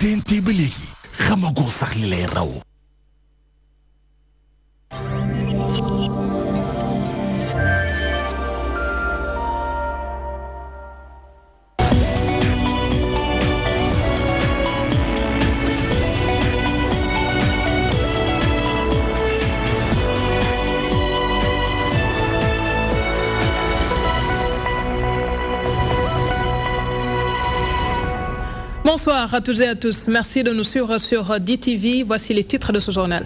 تنتي بليكي خمقو صخلي لي راو Bonsoir à toutes et à tous. Merci de nous suivre sur DTV. Voici les titres de ce journal.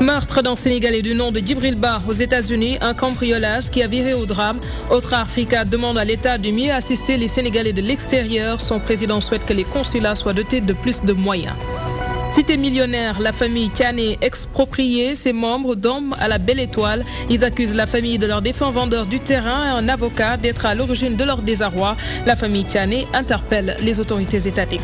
Meurtre dans Sénégalais du nom de Djibril Bar aux États-Unis, un cambriolage qui a viré au drame. Autre Africa demande à l'État de mieux assister les Sénégalais de l'extérieur. Son président souhaite que les consulats soient dotés de plus de moyens. Cité millionnaire, la famille Canet expropriée ses membres d'hommes à la belle étoile. Ils accusent la famille de leur défunt vendeur du terrain et un avocat d'être à l'origine de leur désarroi. La famille Canet interpelle les autorités étatiques.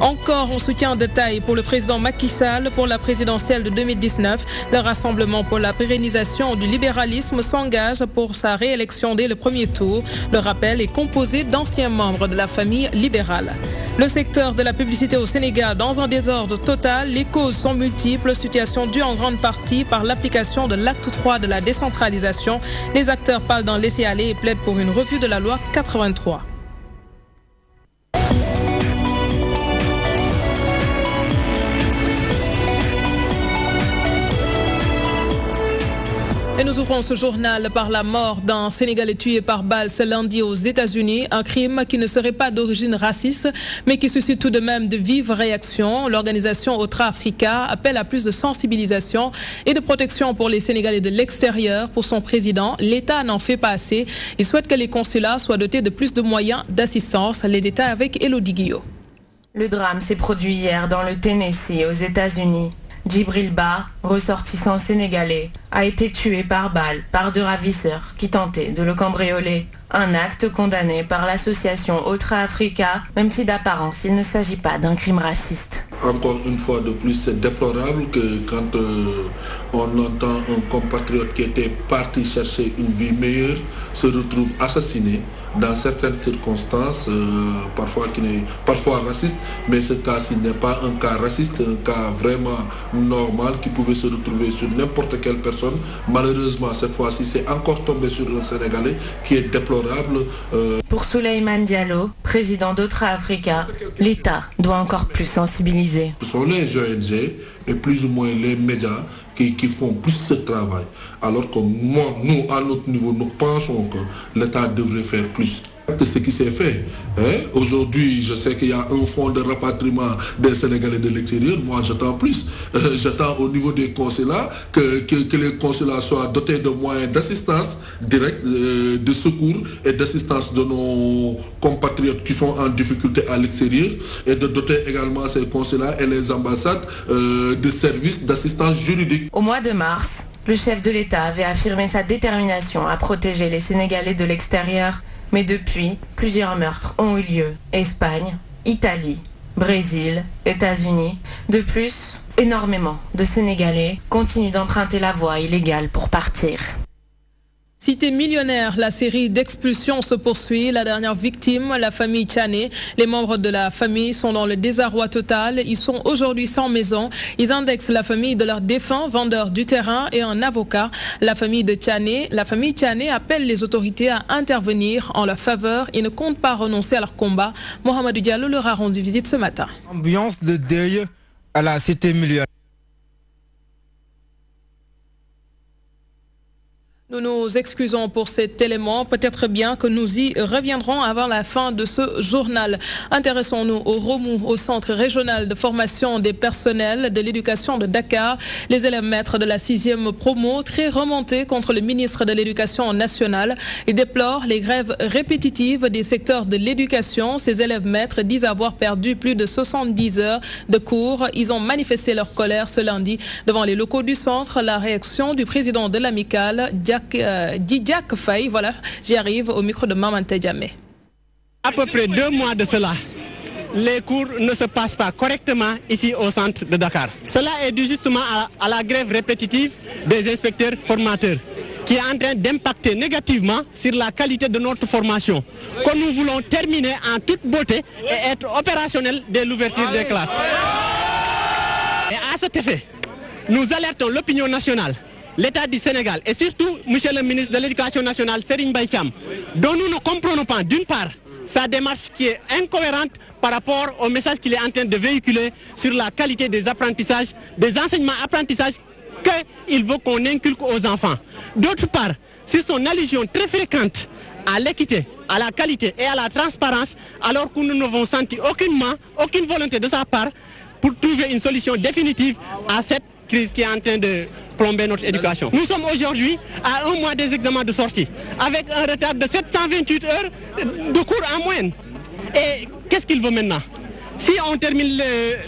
Encore un soutien de taille pour le président Macky Sall pour la présidentielle de 2019. Le Rassemblement pour la pérennisation du libéralisme s'engage pour sa réélection dès le premier tour. Le rappel est composé d'anciens membres de la famille libérale. Le secteur de la publicité au Sénégal dans un désordre total, les causes sont multiples, situation due en grande partie par l'application de l'acte 3 de la décentralisation. Les acteurs parlent d'en laisser-aller et plaident pour une revue de la loi 83. Et nous ouvrons ce journal par la mort d'un Sénégalais tué par balle ce lundi aux États-Unis, un crime qui ne serait pas d'origine raciste, mais qui suscite tout de même de vives réactions. L'organisation Otra Africa appelle à plus de sensibilisation et de protection pour les Sénégalais de l'extérieur. Pour son président, l'État n'en fait pas assez. Il souhaite que les consulats soient dotés de plus de moyens d'assistance. Les détails avec Elodie Guillot. Le drame s'est produit hier dans le Tennessee aux États-Unis. Djibril Ba, ressortissant sénégalais, a été tué par balle par deux ravisseurs qui tentaient de le cambrioler. Un acte condamné par l'association Autre Africa, même si d'apparence il ne s'agit pas d'un crime raciste. Encore une fois de plus, c'est déplorable que quand euh, on entend un compatriote qui était parti chercher une vie meilleure se retrouve assassiné dans certaines circonstances, euh, parfois qui n'est parfois raciste, mais ce cas-ci n'est pas un cas raciste, un cas vraiment normal qui pouvait se retrouver sur n'importe quelle personne. Malheureusement, cette fois-ci, c'est encore tombé sur un Sénégalais qui est déplorable. Euh. Pour Souleymane Diallo, président d'Autra Africa, l'État doit encore plus sensibiliser. Ce sont les ONG et plus ou moins les médias qui, font plus ce travail. Alors que nous, à notre niveau, nous pensons que l'État devrait faire plus ce qui s'est fait. Hein? Aujourd'hui, je sais qu'il y a un fonds de rapatriement des Sénégalais de l'extérieur. Moi, j'attends plus. Euh, j'attends au niveau des consulats que, les consulats soient dotés de moyens d'assistance directe, euh, de secours et d'assistance de nos compatriotes qui sont en difficulté à l'extérieur et de doter également ces consulats et les ambassades euh, de services d'assistance juridique. Au mois de mars, le chef de l'État avait affirmé sa détermination à protéger les Sénégalais de l'extérieur. Mais depuis, plusieurs meurtres ont eu lieu. Espagne, Italie, Brésil, États-Unis. De plus, énormément de Sénégalais continuent d'emprunter la voie illégale pour partir. Cité millionnaire, la série d'expulsions se poursuit. La dernière victime, la famille Tchané. Les membres de la famille sont dans le désarroi total. Ils sont aujourd'hui sans maison. Ils indexent la famille de leurs défunts, vendeurs du terrain et un avocat. La famille de Tchané, la famille appelle les autorités à intervenir en leur faveur et ne compte pas renoncer à leur combat. Mohamed Diallo leur a rendu visite ce matin. Ambiance de deuil à la cité millionnaire. Nous nous excusons pour cet élément. Peut-être bien que nous y reviendrons avant la fin de ce journal. Intéressons-nous au remous au Centre régional de formation des personnels de l'éducation de Dakar. Les élèves maîtres de la sixième promo, très remontés contre le ministre de l'Éducation nationale, ils déplorent les grèves répétitives des secteurs de l'éducation. Ces élèves maîtres disent avoir perdu plus de 70 heures de cours. Ils ont manifesté leur colère ce lundi devant les locaux du centre. La réaction du président de l'amicale, Did Jack Djidjak Voilà, j'arrive au micro de Maman Tedjame. À peu près deux mois de cela, les cours ne se passent pas correctement ici au centre de Dakar. Cela est dû justement à, la grève répétitive des inspecteurs formateurs qui est en train d'impacter négativement sur la qualité de notre formation, que nous voulons terminer en toute beauté et être opérationnel dès l'ouverture des classes. Et à cet effet, nous alertons l'opinion nationale l'État du Sénégal et surtout, Monsieur le ministre de l'Éducation nationale, Serigne Baïcham, dont nous ne comprenons pas, d'une part, sa démarche qui est incohérente par rapport au message qu'il est en train de véhiculer sur la qualité des apprentissages, des enseignements-apprentissages qu'il veut qu'on inculque aux enfants. D'autre part, c'est son allusion très fréquente à l'équité, à la qualité et à la transparence, alors que nous n'avons senti aucunement, aucune volonté de sa part pour trouver une solution définitive à cette crise qui est en train de plomber notre éducation. Nous sommes aujourd'hui à un mois des examens de sortie, avec un retard de 728 heures de cours en moyenne. Et qu'est-ce qu'il veut maintenant si on termine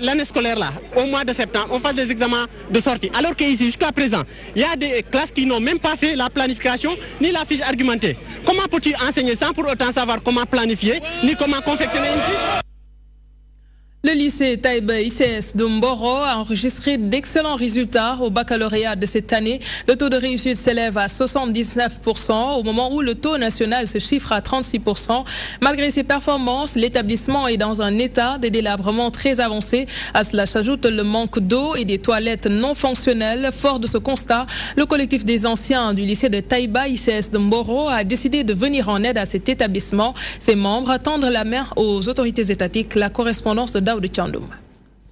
l'année scolaire là, au mois de septembre, on fasse des examens de sortie. Alors qu'ici, jusqu'à présent, il y a des classes qui n'ont même pas fait la planification ni la fiche argumentée. Comment peux-tu enseigner sans pour autant savoir comment planifier ni comment confectionner une fiche le lycée taiba ICS de Mboro a enregistré d'excellents résultats au baccalauréat de cette année. Le taux de réussite s'élève à 79% au moment où le taux national se chiffre à 36%. Malgré ses performances, l'établissement est dans un état de délabrement très avancé. À cela s'ajoute le manque d'eau et des toilettes non fonctionnelles. Fort de ce constat, le collectif des anciens du lycée de Taïba ICS de Mboro a décidé de venir en aide à cet établissement. Ses membres tendent la main aux autorités étatiques. La correspondance de Tchandoum.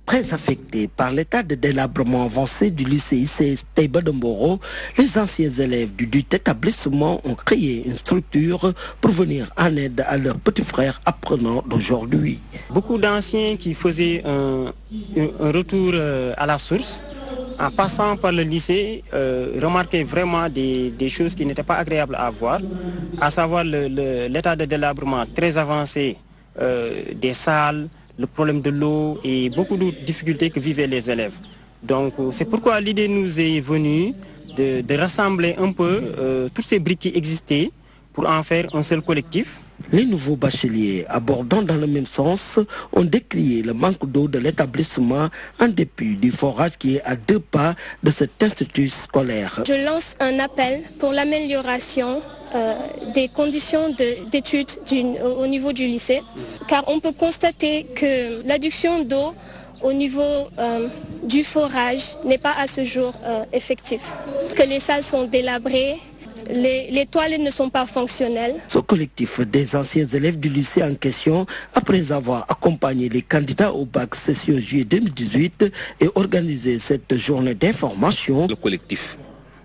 Très affectés par l'état de délabrement avancé du lycée ICS Badomboro, les anciens élèves du dit établissement ont créé une structure pour venir en aide à leurs petits frères apprenants d'aujourd'hui. Beaucoup d'anciens qui faisaient un, retour euh, à la source, en passant par le lycée, euh, remarquaient vraiment des, choses qui n'étaient pas agréables à voir, à savoir l'état de délabrement très avancé euh, des salles, le problème de l'eau et beaucoup de difficultés que vivaient les élèves. Donc euh, c'est pourquoi l'idée nous est venue de, rassembler un peu tous euh, toutes ces briques qui existaient pour en faire un seul collectif. Les nouveaux bacheliers, abordant dans le même sens, ont décrié le manque d'eau de l'établissement en dépit du forage qui est à deux pas de cet institut scolaire. Je lance un appel pour l'amélioration euh, des conditions d'études au niveau du lycée, car on peut constater que l'adduction d'eau au niveau euh, du forage n'est pas à ce jour euh, effectif, que les salles sont délabrées. Les, toiles toilettes ne sont pas fonctionnelles. Ce collectif des anciens élèves du lycée en question, après avoir accompagné les candidats au bac session juillet 2018 et organisé cette journée d'information. Le collectif,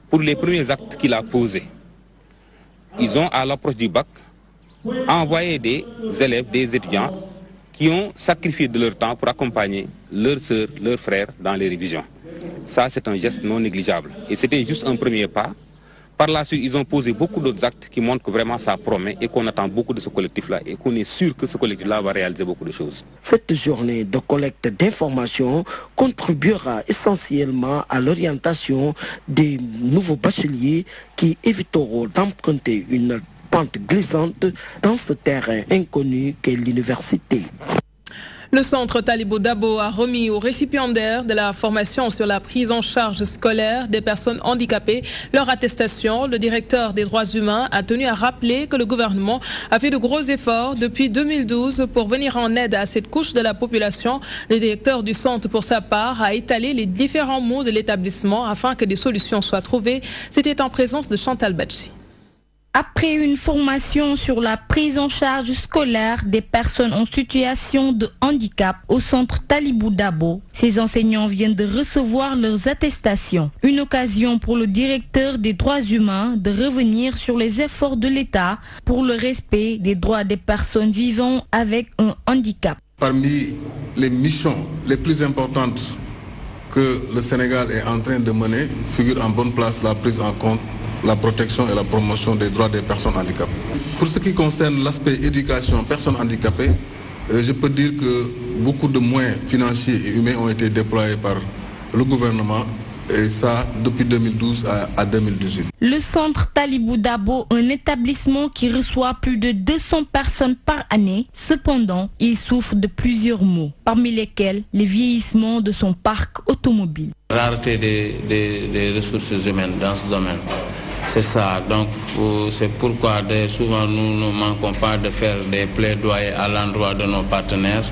pour les premiers actes qu'il a posés, ils ont, à l'approche du bac, envoyé des élèves, des étudiants qui ont sacrifié de leur temps pour accompagner leurs sœurs, leurs frères dans les révisions. Ça, c'est un geste non négligeable. Et c'était juste un premier pas par la suite, ils ont posé beaucoup d'autres actes qui montrent que vraiment ça promet et qu'on attend beaucoup de ce collectif-là et qu'on est sûr que ce collectif-là va réaliser beaucoup de choses. Cette journée de collecte d'informations contribuera essentiellement à l'orientation des nouveaux bacheliers qui éviteront d'emprunter une pente glissante dans ce terrain inconnu qu'est l'université. Le centre Talibou Dabo a remis aux récipiendaires de la formation sur la prise en charge scolaire des personnes handicapées leur attestation. Le directeur des droits humains a tenu à rappeler que le gouvernement a fait de gros efforts depuis 2012 pour venir en aide à cette couche de la population. Le directeur du centre, pour sa part, a étalé les différents mots de l'établissement afin que des solutions soient trouvées. C'était en présence de Chantal Batchi. Après une formation sur la prise en charge scolaire des personnes en situation de handicap au centre Talibou Dabo, ces enseignants viennent de recevoir leurs attestations. Une occasion pour le directeur des droits humains de revenir sur les efforts de l'État pour le respect des droits des personnes vivant avec un handicap. Parmi les missions les plus importantes que le Sénégal est en train de mener figure en bonne place la prise en compte, la protection et la promotion des droits des personnes handicapées. Pour ce qui concerne l'aspect éducation personnes handicapées, euh, je peux dire que beaucoup de moyens financiers et humains ont été déployés par le gouvernement et ça depuis 2012 à, 2018. Le centre Talibou Dabo, un établissement qui reçoit plus de 200 personnes par année. Cependant, il souffre de plusieurs maux, parmi lesquels les vieillissements de son parc automobile. Rareté des, des ressources humaines dans ce domaine. C'est ça, donc c'est pourquoi souvent nous ne manquons pas de faire des plaidoyers à l'endroit de nos partenaires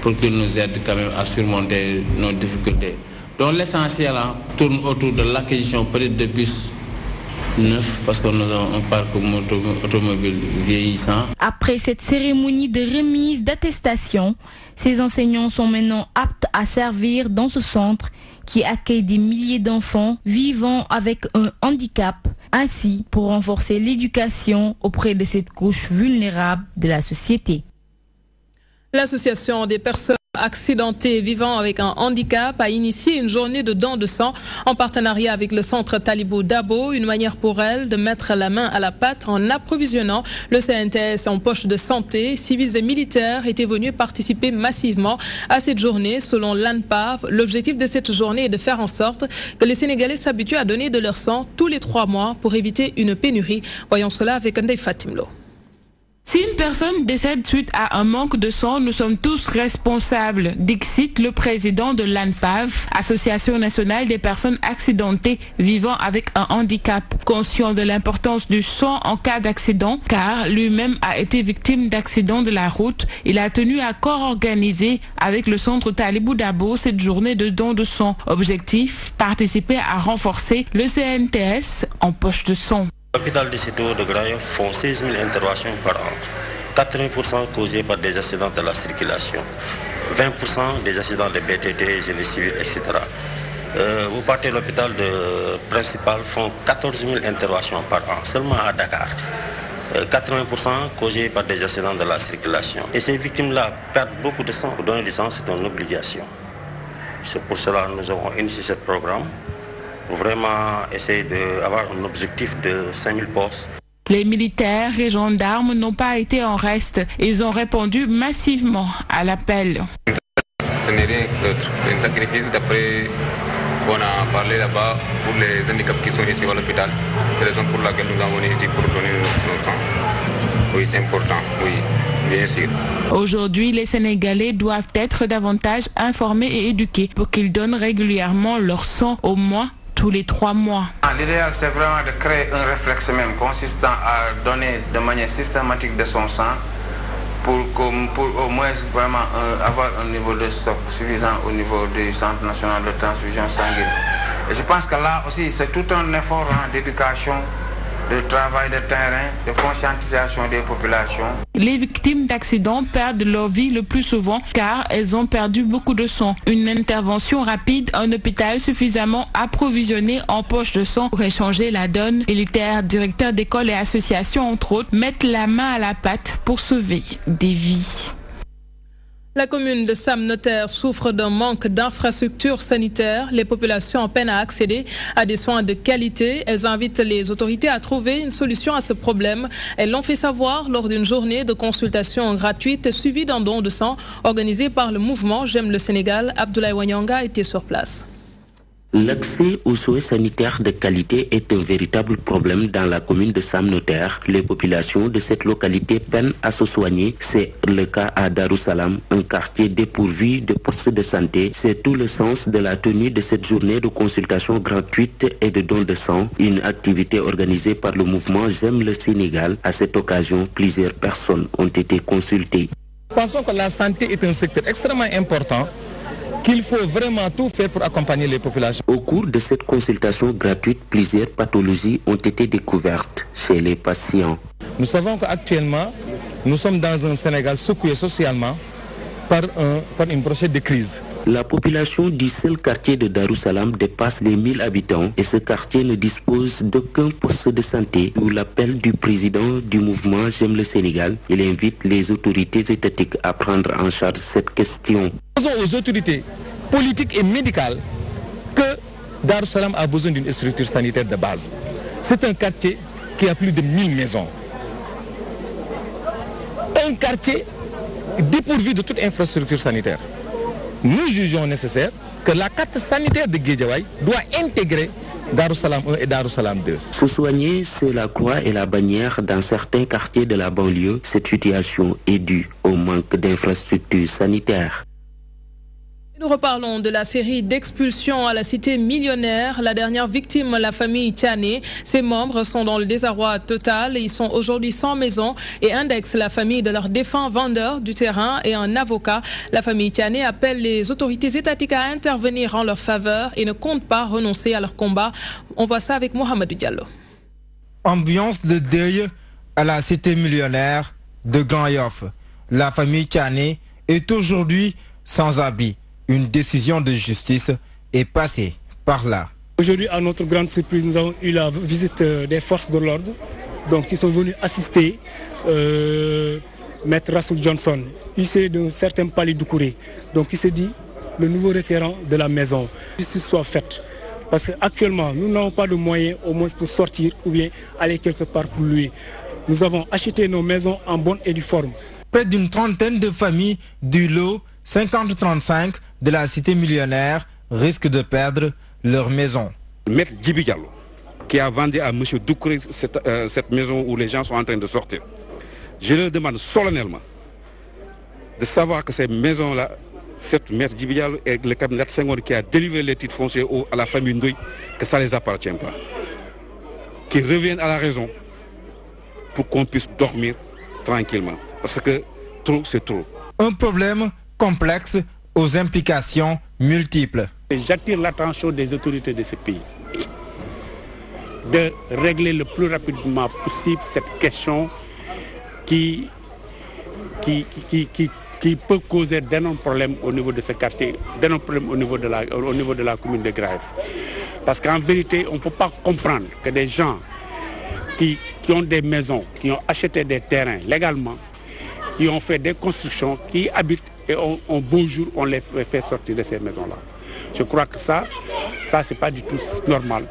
pour qu'ils nous aident quand même à surmonter nos difficultés. Donc l'essentiel hein, tourne autour de l'acquisition près de bus neuf parce qu'on a un parc automobile vieillissant. Après cette cérémonie de remise d'attestation, ces enseignants sont maintenant aptes à servir dans ce centre qui accueille des milliers d'enfants vivant avec un handicap, ainsi pour renforcer l'éducation auprès de cette couche vulnérable de la société. L'association des personnes accidenté vivant avec un handicap a initié une journée de dons de sang en partenariat avec le centre Talibou Dabo, une manière pour elle de mettre la main à la pâte en approvisionnant le CNTS en poche de santé. Civils et militaires étaient venus participer massivement à cette journée selon l'ANPAV. L'objectif de cette journée est de faire en sorte que les Sénégalais s'habituent à donner de leur sang tous les trois mois pour éviter une pénurie. Voyons cela avec Ndeye Fatimlo. Si une personne décède suite à un manque de sang, nous sommes tous responsables, dixit le président de l'ANPAV, Association nationale des personnes accidentées vivant avec un handicap, conscient de l'importance du sang en cas d'accident, car lui-même a été victime d'accident de la route. Il a tenu à co organisé avec le centre Talibou Dabo cette journée de don de sang. Objectif, participer à renforcer le CNTS en poche de sang. L'hôpital de Cito de Gray font 16 000 interventions par an. 80% causées par des accidents de la circulation, 20% des accidents de BTT, génie civil, etc. Euh, vous partez de l'hôpital principal font 14 000 interventions par an, seulement à Dakar. 80% euh, causés par des accidents de la circulation. Et ces victimes-là perdent beaucoup de sang. Donner du sang, c'est une obligation. C'est pour cela que nous avons initié ce programme vraiment essayer d'avoir un objectif de 5000 postes. Les militaires et gendarmes n'ont pas été en reste. Ils ont répondu massivement à l'appel. Ce n'est rien un sacrifice d'après qu'on a parlé là-bas pour les handicaps qui sont ici à l'hôpital. C'est la raison pour laquelle nous avons ici pour donner nos sang. Oui, c'est important, oui. bien sûr. Aujourd'hui, les Sénégalais doivent être davantage informés et éduqués pour qu'ils donnent régulièrement leur sang au moins tous les trois mois. Ah, l'idéal, c'est vraiment de créer un réflexe même consistant à donner de manière systématique de son sang pour, pour au moins vraiment euh, avoir un niveau de stock suffisant au niveau du Centre national de transfusion sanguine. Et je pense que là aussi, c'est tout un effort hein, d'éducation le travail de terrain, de conscientisation des populations. Les victimes d'accidents perdent leur vie le plus souvent car elles ont perdu beaucoup de sang. Une intervention rapide, un hôpital suffisamment approvisionné en poche de sang pour échanger la donne. Militaires, directeurs d'écoles et associations, entre autres, mettent la main à la pâte pour sauver des vies. La commune de Sam-Notaire souffre d'un manque d'infrastructures sanitaires. Les populations peinent à accéder à des soins de qualité. Elles invitent les autorités à trouver une solution à ce problème. Elles l'ont fait savoir lors d'une journée de consultation gratuite suivie d'un don de sang organisé par le mouvement J'aime le Sénégal. Abdoulaye Wanyanga était sur place. L'accès aux soins sanitaires de qualité est un véritable problème dans la commune de Samnotaire. Les populations de cette localité peinent à se soigner. C'est le cas à Darussalam, un quartier dépourvu de postes de santé. C'est tout le sens de la tenue de cette journée de consultation gratuite et de don de sang, une activité organisée par le mouvement J'aime le Sénégal. À cette occasion, plusieurs personnes ont été consultées. Pensons que la santé est un secteur extrêmement important qu'il faut vraiment tout faire pour accompagner les populations. Au cours de cette consultation gratuite, plusieurs pathologies ont été découvertes chez les patients. Nous savons qu'actuellement, nous sommes dans un Sénégal secoué socialement par, un, par une prochaine de crise. La population du seul quartier de Darussalam dépasse les 1000 habitants et ce quartier ne dispose d'aucun poste de santé. Où l'appel du président du mouvement J'aime le Sénégal, il invite les autorités étatiques à prendre en charge cette question. Aux autorités politiques et médicales que Darussalam a besoin d'une structure sanitaire de base. C'est un quartier qui a plus de 1000 maisons. Un quartier dépourvu de toute infrastructure sanitaire nous jugeons nécessaire que la carte sanitaire de Guédiawaï doit intégrer Darussalam 1 et Darussalam 2. Sous-soigner, c'est la croix et la bannière dans certains quartiers de la banlieue. Cette situation est due au manque d'infrastructures sanitaires. Nous reparlons de la série d'expulsions à la cité millionnaire. La dernière victime, la famille Tiané. Ses membres sont dans le désarroi total. Ils sont aujourd'hui sans maison et indexent la famille de leur défunt vendeur du terrain et un avocat. La famille Tiané appelle les autorités étatiques à intervenir en leur faveur et ne compte pas renoncer à leur combat. On voit ça avec Mohamed Diallo. Ambiance de deuil à la cité millionnaire de Grand La famille Tiané est aujourd'hui sans habit une décision de justice est passée par là. Aujourd'hui, à notre grande surprise, nous avons eu la visite euh, des forces de l'ordre, donc ils sont venus assister euh, Maître Rasoul Johnson, s'est d'un certain palais du Donc il s'est dit le nouveau requérant de la maison. Justice soit faite. Parce qu'actuellement, nous n'avons pas de moyens au moins pour sortir ou bien aller quelque part pour lui. Nous avons acheté nos maisons en bonne et du forme. Près d'une trentaine de familles du lot 50-35 de la cité millionnaire risquent de perdre leur maison. Maître Djibi qui a vendu à M. Doukouré euh, cette, maison où les gens sont en train de sortir, je leur demande solennellement de savoir que ces maisons-là, cette maître Djibidial et le cabinet Senghor qui a délivré les titres fonciers à la famille Ndoye, que ça ne les appartient pas. Qu'ils reviennent à la raison pour qu'on puisse dormir tranquillement. Parce que trop, c'est trop. Un problème complexe aux implications multiples. J'attire l'attention des autorités de ce pays de régler le plus rapidement possible cette question qui, qui, qui, qui, peut causer d'énormes problèmes au niveau de ce quartier, d'énormes problèmes au niveau de la, au niveau de la commune de Grève. Parce qu'en vérité, on ne peut pas comprendre que des gens qui, qui ont des maisons, qui ont acheté des terrains légalement, qui ont fait des constructions, qui habitent et on, bon jour, on les fait sortir de ces maisons-là. Je crois que ça, ça, c'est pas du tout normal.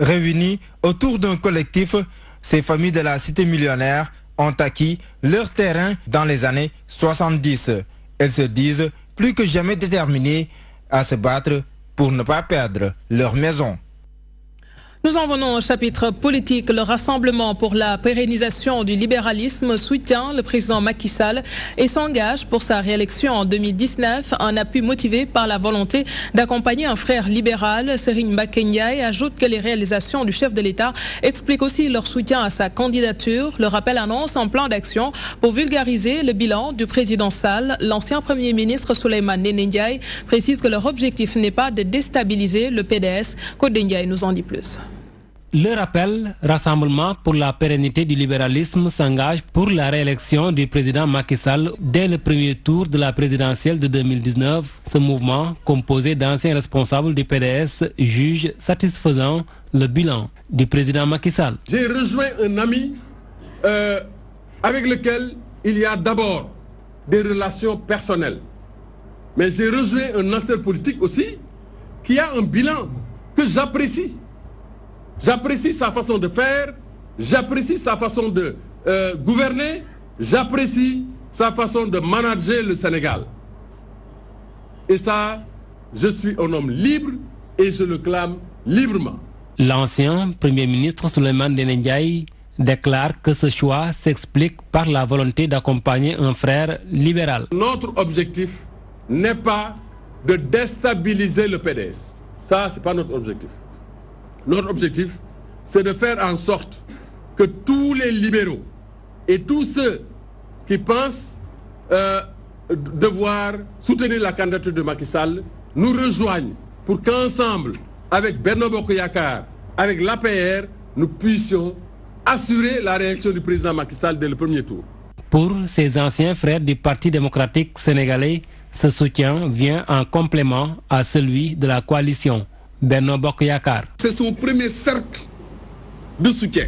Réunis autour d'un collectif, ces familles de la cité millionnaire ont acquis leur terrain dans les années 70. Elles se disent plus que jamais déterminées à se battre pour ne pas perdre leur maison. Nous en venons au chapitre politique. Le Rassemblement pour la pérennisation du libéralisme soutient le président Macky Sall et s'engage pour sa réélection en 2019. Un appui motivé par la volonté d'accompagner un frère libéral, Serine Macky ajoute que les réalisations du chef de l'État expliquent aussi leur soutien à sa candidature. Le rappel annonce un plan d'action pour vulgariser le bilan du président Sall. L'ancien premier ministre Souleymane Ndiaye précise que leur objectif n'est pas de déstabiliser le PDS. Côte nous en dit plus. Le rappel, Rassemblement pour la pérennité du libéralisme s'engage pour la réélection du président Macky Sall dès le premier tour de la présidentielle de 2019. Ce mouvement, composé d'anciens responsables du PDS, juge satisfaisant le bilan du président Macky Sall. J'ai rejoint un ami euh, avec lequel il y a d'abord des relations personnelles. Mais j'ai rejoint un acteur politique aussi qui a un bilan que j'apprécie. J'apprécie sa façon de faire, j'apprécie sa façon de euh, gouverner, j'apprécie sa façon de manager le Sénégal. Et ça, je suis un homme libre et je le clame librement. L'ancien Premier ministre Souleymane Ndiaye déclare que ce choix s'explique par la volonté d'accompagner un frère libéral. Notre objectif n'est pas de déstabiliser le PDS. Ça, ce n'est pas notre objectif. Notre objectif, c'est de faire en sorte que tous les libéraux et tous ceux qui pensent euh, devoir soutenir la candidature de Macky Sall nous rejoignent pour qu'ensemble, avec Bernard Bokoyakar, avec l'APR, nous puissions assurer la réaction du président Macky Sall dès le premier tour. Pour ses anciens frères du Parti démocratique sénégalais, ce soutien vient en complément à celui de la coalition. C'est son premier cercle de soutien.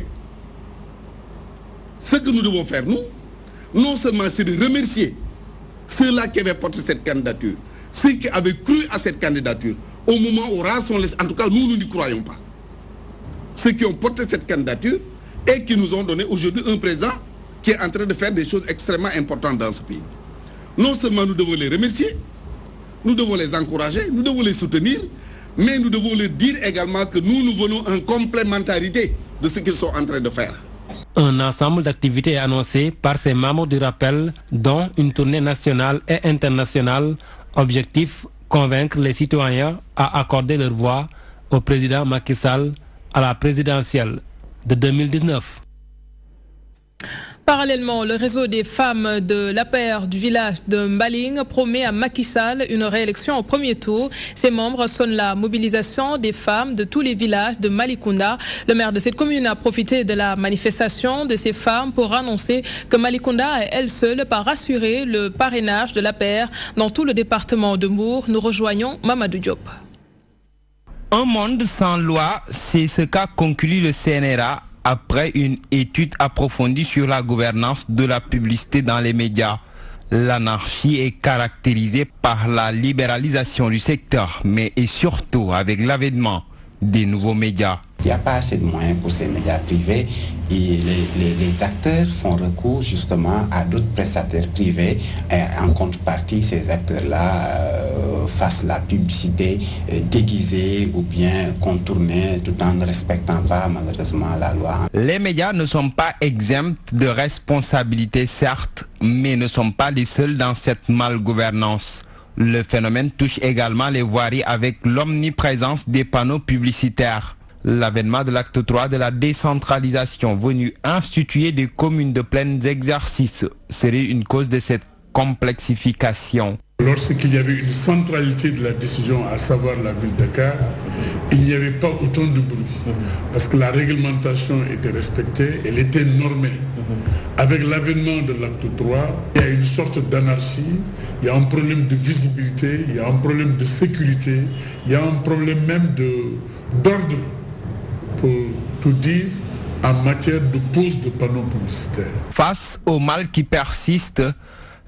Ce que nous devons faire, nous, non seulement c'est de remercier ceux-là qui avaient porté cette candidature, ceux qui avaient cru à cette candidature, au moment où rares En tout cas, nous, nous n'y croyons pas. Ceux qui ont porté cette candidature et qui nous ont donné aujourd'hui un président qui est en train de faire des choses extrêmement importantes dans ce pays. Non seulement nous devons les remercier, nous devons les encourager, nous devons les soutenir, mais nous devons leur dire également que nous, nous venons en complémentarité de ce qu'ils sont en train de faire. Un ensemble d'activités annoncées par ces mamans du rappel, dont une tournée nationale et internationale. Objectif convaincre les citoyens à accorder leur voix au président Macky Sall à la présidentielle de 2019. Parallèlement, le réseau des femmes de l'APR du village de Mbaling promet à Makissal une réélection au premier tour. Ses membres sonnent la mobilisation des femmes de tous les villages de Malikunda. Le maire de cette commune a profité de la manifestation de ces femmes pour annoncer que Malikunda est elle seule par assurer le parrainage de l'APR dans tout le département de Mour. Nous rejoignons Mamadou Diop. Un monde sans loi, c'est ce qu'a conclu le CNRA après une étude approfondie sur la gouvernance de la publicité dans les médias. L'anarchie est caractérisée par la libéralisation du secteur, mais et surtout avec l'avènement des nouveaux médias. Il n'y a pas assez de moyens pour ces médias privés et les, acteurs font recours justement à d'autres prestataires privés. Et en contrepartie, ces acteurs-là euh, fassent la publicité euh, déguisée ou bien contournée tout en ne respectant pas malheureusement la loi. Les médias ne sont pas exempts de responsabilité certes, mais ne sont pas les seuls dans cette malgouvernance. Le phénomène touche également les voiries avec l'omniprésence des panneaux publicitaires. L'avènement de l'acte 3 de la décentralisation venu instituer des communes de plein exercice serait une cause de cette complexification. Lorsqu'il y avait une centralité de la décision, à savoir la ville de il n'y avait pas autant de bruit. Parce que la réglementation était respectée, elle était normée. Avec l'avènement de l'acte 3, il y a une sorte d'anarchie, il y a un problème de visibilité, il y a un problème de sécurité, il y a un problème même d'ordre, pour tout dire, en matière de pose de panneaux publicitaires. Face au mal qui persiste,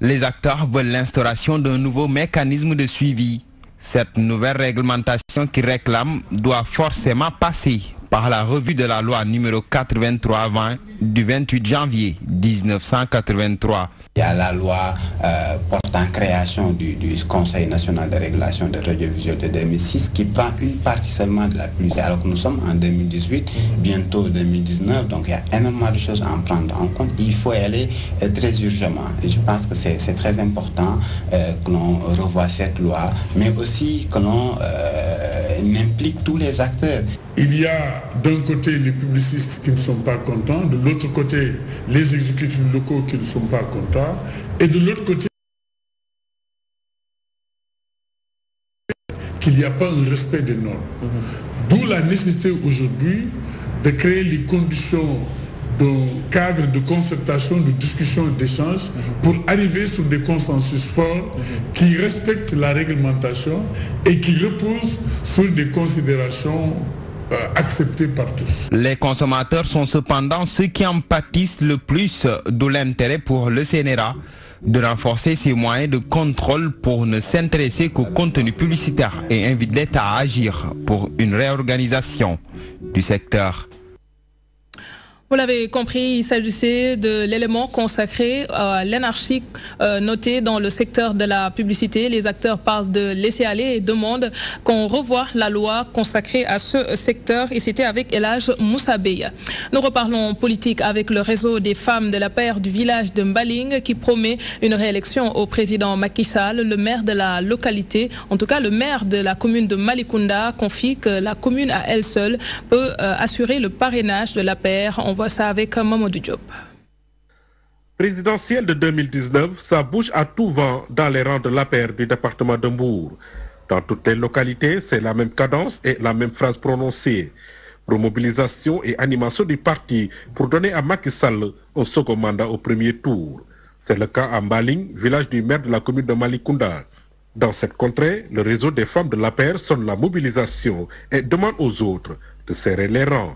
les acteurs veulent l'instauration d'un nouveau mécanisme de suivi. Cette nouvelle réglementation qui réclame doit forcément passer par la revue de la loi numéro 83-20 du 28 janvier 1983. Il y a la loi euh, portant création du, Conseil national de régulation de radiovisuel de 2006 qui prend une partie seulement de la publicité alors que nous sommes en 2018, bientôt 2019, donc il y a énormément de choses à prendre en compte. Il faut y aller euh, très urgemment. je pense que c'est très important euh, que l'on revoie cette loi, mais aussi que l'on il implique tous les acteurs. Il y a d'un côté les publicistes qui ne sont pas contents, de l'autre côté les exécutifs locaux qui ne sont pas contents, et de l'autre côté qu'il n'y a pas un respect des normes. Mhm. D'où la nécessité aujourd'hui de créer les conditions d'un cadre de concertation, de discussion et d'échange mhm. pour arriver sur des consensus forts mhm. qui respectent la réglementation et qui reposent sur des considérations euh, acceptées par tous. Les consommateurs sont cependant ceux qui en pâtissent le plus, d'où l'intérêt pour le CNRA de renforcer ses moyens de contrôle pour ne s'intéresser qu'au contenu publicitaire et invite l'État à agir pour une réorganisation du secteur. Vous l'avez compris, il s'agissait de l'élément consacré à l'anarchie euh, notée dans le secteur de la publicité. Les acteurs parlent de laisser aller et demandent qu'on revoie la loi consacrée à ce secteur. Et c'était avec Elage Moussabeya. Nous reparlons politique avec le réseau des femmes de la paire du village de Mbaling qui promet une réélection au président Macky le maire de la localité. En tout cas, le maire de la commune de Malikunda confie que la commune à elle seule peut euh, assurer le parrainage de la paire ça avec euh, Mamadou Diop. Présidentielle de 2019, ça bouge à tout vent dans les rangs de l'APR du département de Dans toutes les localités, c'est la même cadence et la même phrase prononcée. Promobilisation et animation du parti pour donner à Macky Sall un second mandat au premier tour. C'est le cas à Mbaling, village du maire de la commune de Malikunda. Dans cette contrée, le réseau des femmes de l'APR sonne la mobilisation et demande aux autres de serrer les rangs.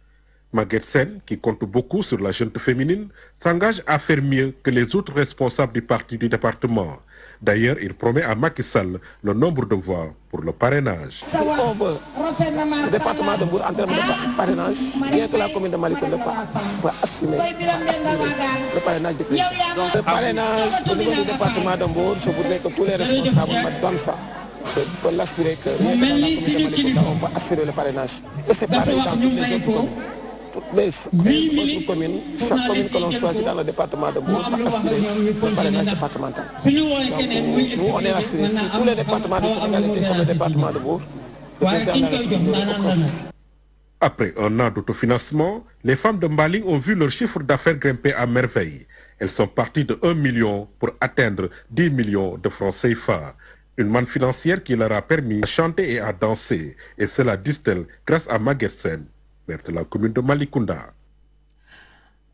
Maguette qui compte beaucoup sur la jeune féminine, s'engage à faire mieux que les autres responsables du parti du département. D'ailleurs, il promet à Macky Sall le nombre de voix pour le parrainage. Si on veut le département de Bourg en termes de parrainage, bien que la commune de Malikon ne pas, va assumer, le parrainage du président. Le parrainage au niveau du département de je voudrais que tous les responsables me donnent ça je peux l'assurer que la commune de on peut assurer le parrainage. Et c'est pareil dans toutes les autres toutes les 15 autres communes, chaque commune que l'on choisit dans le département de Bourg va assurer le parrainage départemental. Donc, nous, on est rassurés. Si tous les départements du Sénégal étaient comme le département de Bourg, le président de Après un an d'autofinancement, les femmes de Mbaling ont vu leur chiffre d'affaires grimper à merveille. Elles sont parties de 1 million pour atteindre 10 millions de francs CFA. Une manne financière qui leur a permis à chanter et à danser. Et cela, disent-elles, grâce à Magersen, experte la commune de Malikunda.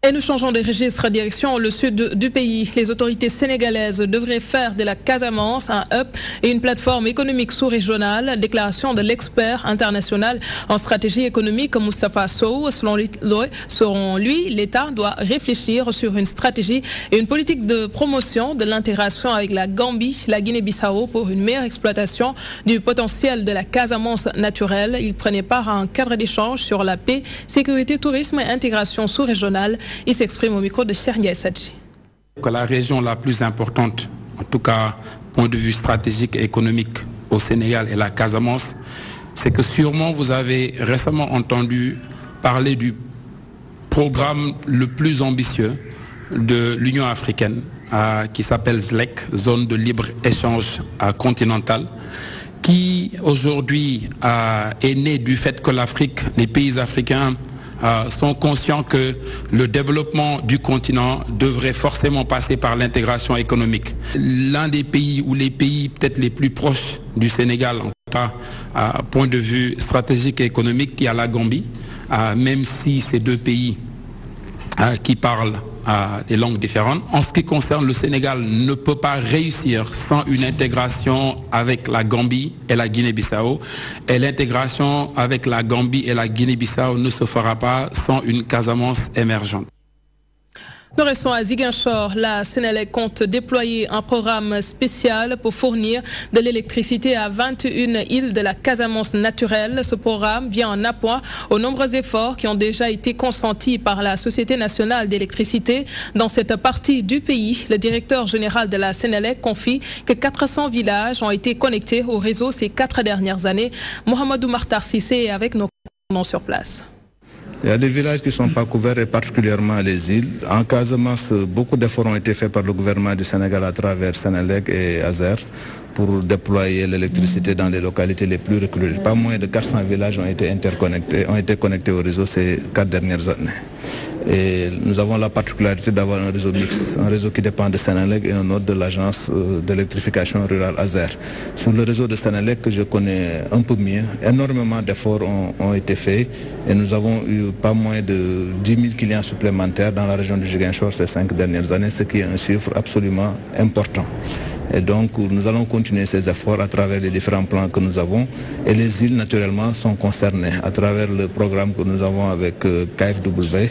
Et nous changeons de registre à direction le sud du pays. Les autorités sénégalaises devraient faire de la Casamance un hub et une plateforme économique sous-régionale. Déclaration de l'expert international en stratégie économique Moustapha Sow. Selon lui, l'État doit réfléchir sur une stratégie et une politique de promotion de l'intégration avec la Gambie, la Guinée-Bissau pour une meilleure exploitation du potentiel de la Casamance naturelle. Il prenait part à un cadre d'échange sur la paix, sécurité, tourisme et intégration sous-régionale. Il s'exprime au micro de Cher Sadji. la région la plus importante, en tout cas point de vue stratégique et économique au Sénégal et la Casamance, c'est que sûrement vous avez récemment entendu parler du programme le plus ambitieux de l'Union africaine euh, qui s'appelle ZLEC, zone de libre-échange Continental, qui aujourd'hui euh, est né du fait que l'Afrique, les pays africains euh, sont conscients que le développement du continent devrait forcément passer par l'intégration économique. L'un des pays ou les pays peut-être les plus proches du Sénégal en cas, à point de vue stratégique et économique, qui a la Gambie, euh, même si ces deux pays euh, qui parlent à des langues différentes. En ce qui concerne le Sénégal, ne peut pas réussir sans une intégration avec la Gambie et la Guinée-Bissau. Et l'intégration avec la Gambie et la Guinée-Bissau ne se fera pas sans une Casamance émergente. Nous restons à Ziguinchor. La Sénélec compte déployer un programme spécial pour fournir de l'électricité à 21 îles de la Casamance naturelle. Ce programme vient en appoint aux nombreux efforts qui ont déjà été consentis par la Société nationale d'électricité dans cette partie du pays. Le directeur général de la Sénélec confie que 400 villages ont été connectés au réseau ces quatre dernières années. Mohamedou Martar Sissé est avec nos sur place. Il y a des villages qui ne sont pas couverts et particulièrement les îles. En masse, beaucoup d'efforts ont été faits par le gouvernement du Sénégal à travers Sénélec et Azer pour déployer l'électricité dans les localités les plus reculées. Pas moins de 400 villages ont été interconnectés, ont été connectés au réseau ces quatre dernières années. Et nous avons la particularité d'avoir un réseau mixte, un réseau qui dépend de Sénélec et un autre de l'agence euh, d'électrification rurale AZER. Sur le réseau de Sénélec, que je connais un peu mieux, énormément d'efforts ont, été faits et nous avons eu pas moins de 10 000 clients supplémentaires dans la région du Giguinchor ces cinq dernières années, ce qui est un chiffre absolument important. Et donc nous allons continuer ces efforts à travers les différents plans que nous avons. Et les îles, naturellement, sont concernées à travers le programme que nous avons avec euh, KFW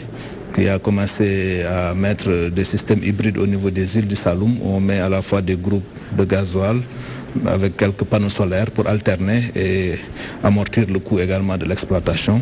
qui a commencé à mettre des systèmes hybrides au niveau des îles du Saloum. Où on met à la fois des groupes de gasoil avec quelques panneaux solaires pour alterner et amortir le coût également de l'exploitation.